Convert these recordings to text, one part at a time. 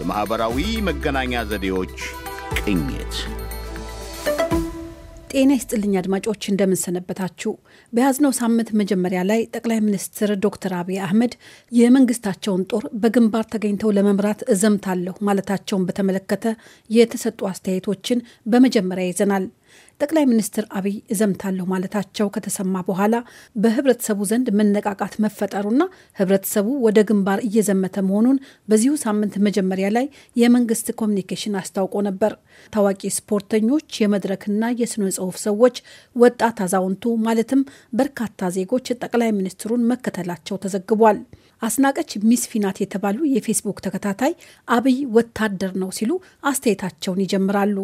የማኅበራዊ መገናኛ ዘዴዎች ቅኝት። ጤና ይስጥልኝ አድማጮች፣ እንደምንሰነበታችሁ። በያዝነው ሳምንት መጀመሪያ ላይ ጠቅላይ ሚኒስትር ዶክተር አብይ አህመድ የመንግስታቸውን ጦር በግንባር ተገኝተው ለመምራት እዘምታለሁ ማለታቸውን በተመለከተ የተሰጡ አስተያየቶችን በመጀመሪያ ይዘናል። ጠቅላይ ሚኒስትር አብይ እዘምታለሁ ማለታቸው ከተሰማ በኋላ በህብረተሰቡ ዘንድ መነቃቃት መፈጠሩና ህብረተሰቡ ወደ ግንባር እየዘመተ መሆኑን በዚሁ ሳምንት መጀመሪያ ላይ የመንግስት ኮሚኒኬሽን አስታውቆ ነበር። ታዋቂ ስፖርተኞች፣ የመድረክና የስነ ጽሁፍ ሰዎች፣ ወጣት አዛውንቱ ማለትም በርካታ ዜጎች ጠቅላይ ሚኒስትሩን መከተላቸው ተዘግቧል። አስናቀች ሚስ ፊናት የተባሉ የፌስቡክ ተከታታይ አብይ ወታደር ነው ሲሉ አስተያየታቸውን ይጀምራሉ።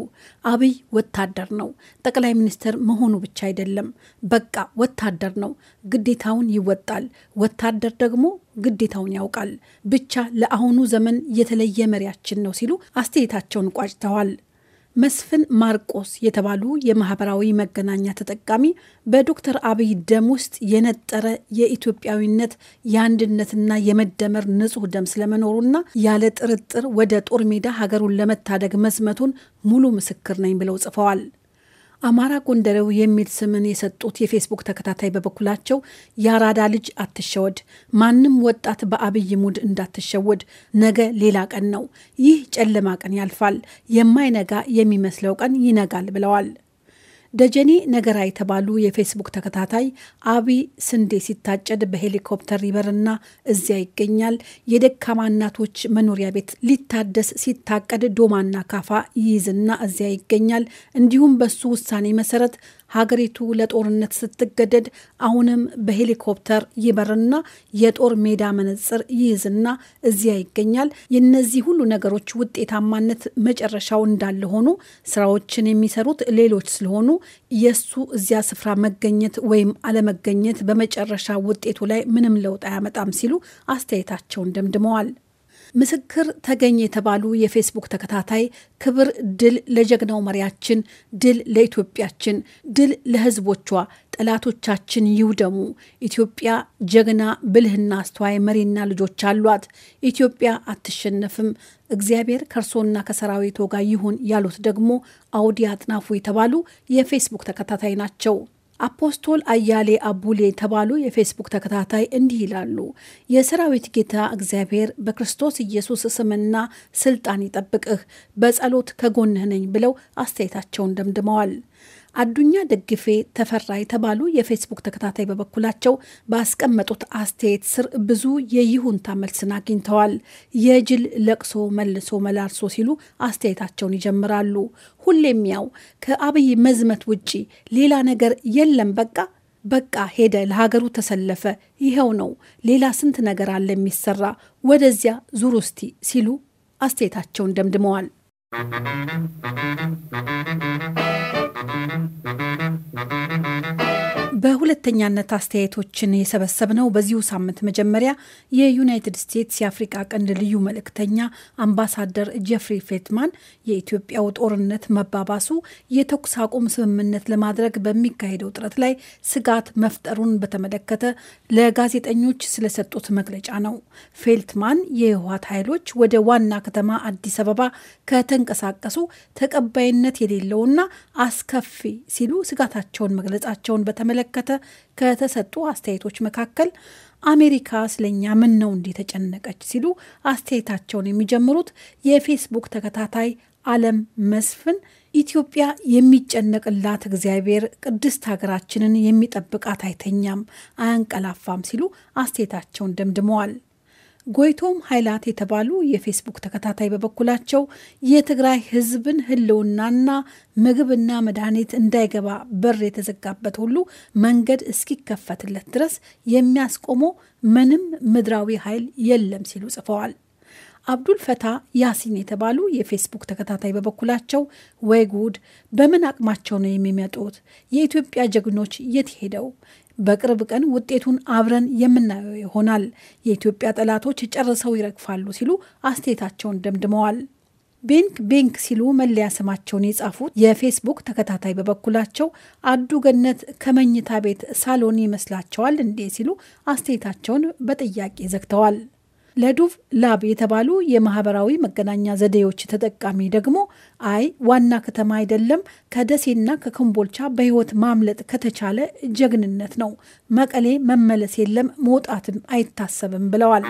አብይ ወታደር ነው፣ ጠቅላይ ሚኒስትር መሆኑ ብቻ አይደለም። በቃ ወታደር ነው፣ ግዴታውን ይወጣል። ወታደር ደግሞ ግዴታውን ያውቃል። ብቻ ለአሁኑ ዘመን የተለየ መሪያችን ነው ሲሉ አስተያየታቸውን ቋጭተዋል። መስፍን ማርቆስ የተባሉ የማህበራዊ መገናኛ ተጠቃሚ በዶክተር አብይ ደም ውስጥ የነጠረ የኢትዮጵያዊነት የአንድነትና የመደመር ንጹህ ደም ስለመኖሩና ያለ ጥርጥር ወደ ጦር ሜዳ ሀገሩን ለመታደግ መዝመቱን ሙሉ ምስክር ነኝ ብለው ጽፈዋል። አማራ ጎንደሬው የሚል ስምን የሰጡት የፌስቡክ ተከታታይ በበኩላቸው የአራዳ ልጅ አትሸወድ፣ ማንም ወጣት በአብይ ሙድ እንዳትሸወድ፣ ነገ ሌላ ቀን ነው። ይህ ጨለማ ቀን ያልፋል፣ የማይነጋ የሚመስለው ቀን ይነጋል ብለዋል። ደጀኔ ነገራ የተባሉ የፌስቡክ ተከታታይ አቢ ስንዴ ሲታጨድ በሄሊኮፕተር ይበርና እዚያ ይገኛል፣ የደካማ እናቶች መኖሪያ ቤት ሊታደስ ሲታቀድ ዶማና ካፋ ይይዝና እዚያ ይገኛል፣ እንዲሁም በሱ ውሳኔ መሰረት ሀገሪቱ ለጦርነት ስትገደድ አሁንም በሄሊኮፕተር ይበርና የጦር ሜዳ መነጽር ይይዝና እዚያ ይገኛል። የእነዚህ ሁሉ ነገሮች ውጤታማነት መጨረሻው እንዳለ ሆኖ ስራዎችን የሚሰሩት ሌሎች ስለሆኑ የእሱ እዚያ ስፍራ መገኘት ወይም አለመገኘት በመጨረሻ ውጤቱ ላይ ምንም ለውጥ አያመጣም ሲሉ አስተያየታቸውን ደምድመዋል። ምስክር ተገኝ የተባሉ የፌስቡክ ተከታታይ ክብር ድል ለጀግናው መሪያችን፣ ድል ለኢትዮጵያችን፣ ድል ለሕዝቦቿ ጠላቶቻችን ይውደሙ። ኢትዮጵያ ጀግና ብልህና አስተዋይ መሪና ልጆች አሏት። ኢትዮጵያ አትሸነፍም። እግዚአብሔር ከእርሶና ከሰራዊቶ ጋር ይሁን ያሉት ደግሞ አውዲ አጥናፉ የተባሉ የፌስቡክ ተከታታይ ናቸው። አፖስቶል አያሌ አቡሌ የተባሉ የፌስቡክ ተከታታይ እንዲህ ይላሉ። የሰራዊት ጌታ እግዚአብሔር በክርስቶስ ኢየሱስ ስምና ስልጣን ይጠብቅህ፣ በጸሎት ከጎንህ ነኝ ብለው አስተያየታቸውን ደምድመዋል። አዱኛ ደግፌ ተፈራ የተባሉ የፌስቡክ ተከታታይ በበኩላቸው ባስቀመጡት አስተያየት ስር ብዙ የይሁንታ መልስን አግኝተዋል። የጅል ለቅሶ መልሶ መላልሶ ሲሉ አስተያየታቸውን ይጀምራሉ። ሁሌም ያው ከአብይ መዝመት ውጪ ሌላ ነገር የለም። በቃ በቃ ሄደ፣ ለሀገሩ ተሰለፈ፣ ይኸው ነው። ሌላ ስንት ነገር አለ የሚሰራ፣ ወደዚያ ዙር ውስቲ ሲሉ አስተያየታቸውን ደምድመዋል። Mm-hmm. በሁለተኛነት አስተያየቶችን የሰበሰብነው በዚሁ ሳምንት መጀመሪያ የዩናይትድ ስቴትስ የአፍሪቃ ቀንድ ልዩ መልእክተኛ አምባሳደር ጀፍሪ ፌትማን የኢትዮጵያው ጦርነት መባባሱ የተኩስ አቁም ስምምነት ለማድረግ በሚካሄደው ጥረት ላይ ስጋት መፍጠሩን በተመለከተ ለጋዜጠኞች ስለሰጡት መግለጫ ነው። ፌልትማን የህወሓት ኃይሎች ወደ ዋና ከተማ አዲስ አበባ ከተንቀሳቀሱ ተቀባይነት የሌለውና አስከፊ ሲሉ ስጋታቸውን መግለጻቸውን በተመለከተ በተመለከተ ከተሰጡ አስተያየቶች መካከል አሜሪካ ስለኛ ምን ነው እንዲህ ተጨነቀች ሲሉ አስተያየታቸውን የሚጀምሩት የፌስቡክ ተከታታይ አለም መስፍን ኢትዮጵያ የሚጨነቅላት እግዚአብሔር ቅድስት ሀገራችንን የሚጠብቃት አይተኛም፣ አያንቀላፋም ሲሉ አስተያየታቸውን ደምድመዋል። ጎይቶም ኃይላት የተባሉ የፌስቡክ ተከታታይ በበኩላቸው የትግራይ ሕዝብን ህልውናና ምግብና መድኃኒት እንዳይገባ በር የተዘጋበት ሁሉ መንገድ እስኪከፈትለት ድረስ የሚያስቆመው ምንም ምድራዊ ኃይል የለም ሲሉ ጽፈዋል። አብዱል ፈታ ያሲን የተባሉ የፌስቡክ ተከታታይ በበኩላቸው ወይ ጉድ፣ በምን አቅማቸው ነው የሚመጡት? የኢትዮጵያ ጀግኖች የት ሄደው? በቅርብ ቀን ውጤቱን አብረን የምናየው ይሆናል። የኢትዮጵያ ጠላቶች ጨርሰው ይረግፋሉ ሲሉ አስተያየታቸውን ደምድመዋል። ቤንክ ቤንክ ሲሉ መለያ ስማቸውን የጻፉት የፌስቡክ ተከታታይ በበኩላቸው አዱ ገነት ከመኝታ ቤት ሳሎን ይመስላቸዋል እንዴ ሲሉ አስተያየታቸውን በጥያቄ ዘግተዋል። ለዱቭ ላብ የተባሉ የማህበራዊ መገናኛ ዘዴዎች ተጠቃሚ ደግሞ አይ ዋና ከተማ አይደለም፣ ከደሴና ከኮምቦልቻ በህይወት ማምለጥ ከተቻለ ጀግንነት ነው። መቀሌ መመለስ የለም መውጣትም አይታሰብም ብለዋል።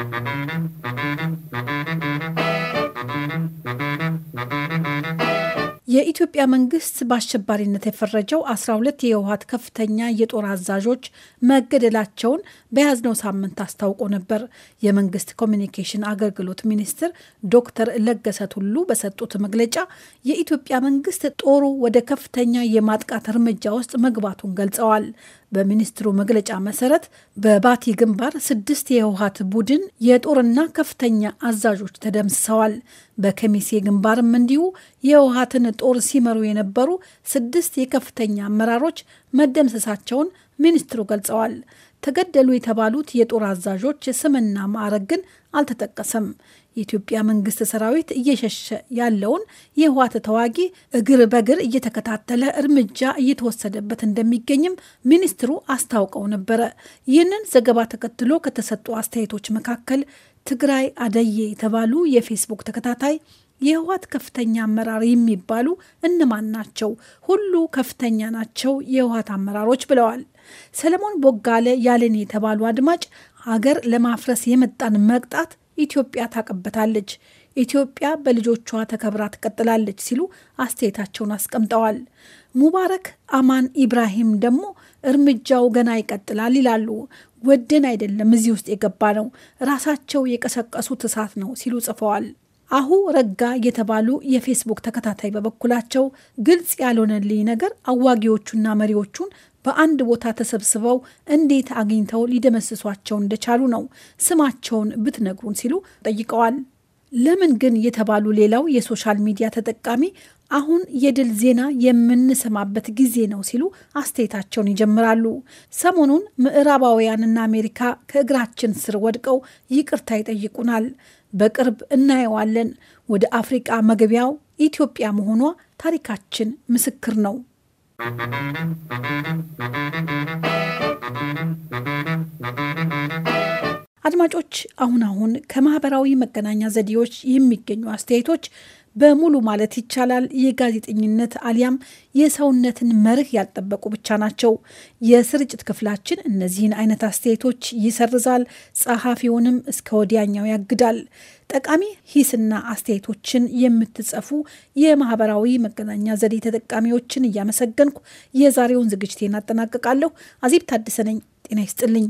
የኢትዮጵያ መንግስት በአሸባሪነት የፈረጀው 12 የህወሀት ከፍተኛ የጦር አዛዦች መገደላቸውን በያዝነው ሳምንት አስታውቆ ነበር። የመንግስት ኮሚኒኬሽን አገልግሎት ሚኒስትር ዶክተር ለገሰ ቱሉ በሰጡት መግለጫ የኢትዮጵያ መንግስት ጦሩ ወደ ከፍተኛ የማጥቃት እርምጃ ውስጥ መግባቱን ገልጸዋል። በሚኒስትሩ መግለጫ መሰረት በባቲ ግንባር ስድስት የህወሀት ቡድን የጦርና ከፍተኛ አዛዦች ተደምስሰዋል። በከሚሴ ግንባርም እንዲሁ የህወሀትን ጦር ሲመሩ የነበሩ ስድስት የከፍተኛ አመራሮች መደምሰሳቸውን ሚኒስትሩ ገልጸዋል። ተገደሉ የተባሉት የጦር አዛዦች ስምና ማዕረግ ግን አልተጠቀሰም። የኢትዮጵያ መንግስት ሰራዊት እየሸሸ ያለውን የህወሓት ተዋጊ እግር በእግር እየተከታተለ እርምጃ እየተወሰደበት እንደሚገኝም ሚኒስትሩ አስታውቀው ነበረ። ይህንን ዘገባ ተከትሎ ከተሰጡ አስተያየቶች መካከል ትግራይ አደዬ የተባሉ የፌስቡክ ተከታታይ የህወሓት ከፍተኛ አመራር የሚባሉ እነማን ናቸው? ሁሉ ከፍተኛ ናቸው የህወሓት አመራሮች ብለዋል። ሰለሞን ቦጋለ ያለን የተባሉ አድማጭ ሀገር ለማፍረስ የመጣን መቅጣት ኢትዮጵያ ታቀበታለች፣ ኢትዮጵያ በልጆቿ ተከብራ ትቀጥላለች ሲሉ አስተያየታቸውን አስቀምጠዋል። ሙባረክ አማን ኢብራሂም ደግሞ እርምጃው ገና ይቀጥላል ይላሉ። ወደን አይደለም እዚህ ውስጥ የገባ ነው፣ ራሳቸው የቀሰቀሱት እሳት ነው ሲሉ ጽፈዋል። አሁ ረጋ የተባሉ የፌስቡክ ተከታታይ በበኩላቸው ግልጽ ያልሆነልኝ ነገር አዋጊዎቹና መሪዎቹን በአንድ ቦታ ተሰብስበው እንዴት አግኝተው ሊደመስሷቸው እንደቻሉ ነው። ስማቸውን ብትነግሩን ሲሉ ጠይቀዋል። ለምን ግን የተባሉ ሌላው የሶሻል ሚዲያ ተጠቃሚ አሁን የድል ዜና የምንሰማበት ጊዜ ነው ሲሉ አስተያየታቸውን ይጀምራሉ። ሰሞኑን ምዕራባውያንና አሜሪካ ከእግራችን ስር ወድቀው ይቅርታ ይጠይቁናል፣ በቅርብ እናየዋለን። ወደ አፍሪቃ መግቢያው ኢትዮጵያ መሆኗ ታሪካችን ምስክር ነው። አድማጮች፣ አሁን አሁን ከማህበራዊ መገናኛ ዘዴዎች የሚገኙ አስተያየቶች በሙሉ ማለት ይቻላል የጋዜጠኝነት አሊያም የሰውነትን መርህ ያልጠበቁ ብቻ ናቸው። የስርጭት ክፍላችን እነዚህን አይነት አስተያየቶች ይሰርዛል፣ ጸሐፊውንም እስከ ወዲያኛው ያግዳል። ጠቃሚ ሂስና አስተያየቶችን የምትጽፉ የማህበራዊ መገናኛ ዘዴ ተጠቃሚዎችን እያመሰገንኩ የዛሬውን ዝግጅቴን አጠናቅቃለሁ። አዜብ ታደሰ ነኝ። ጤና ይስጥልኝ።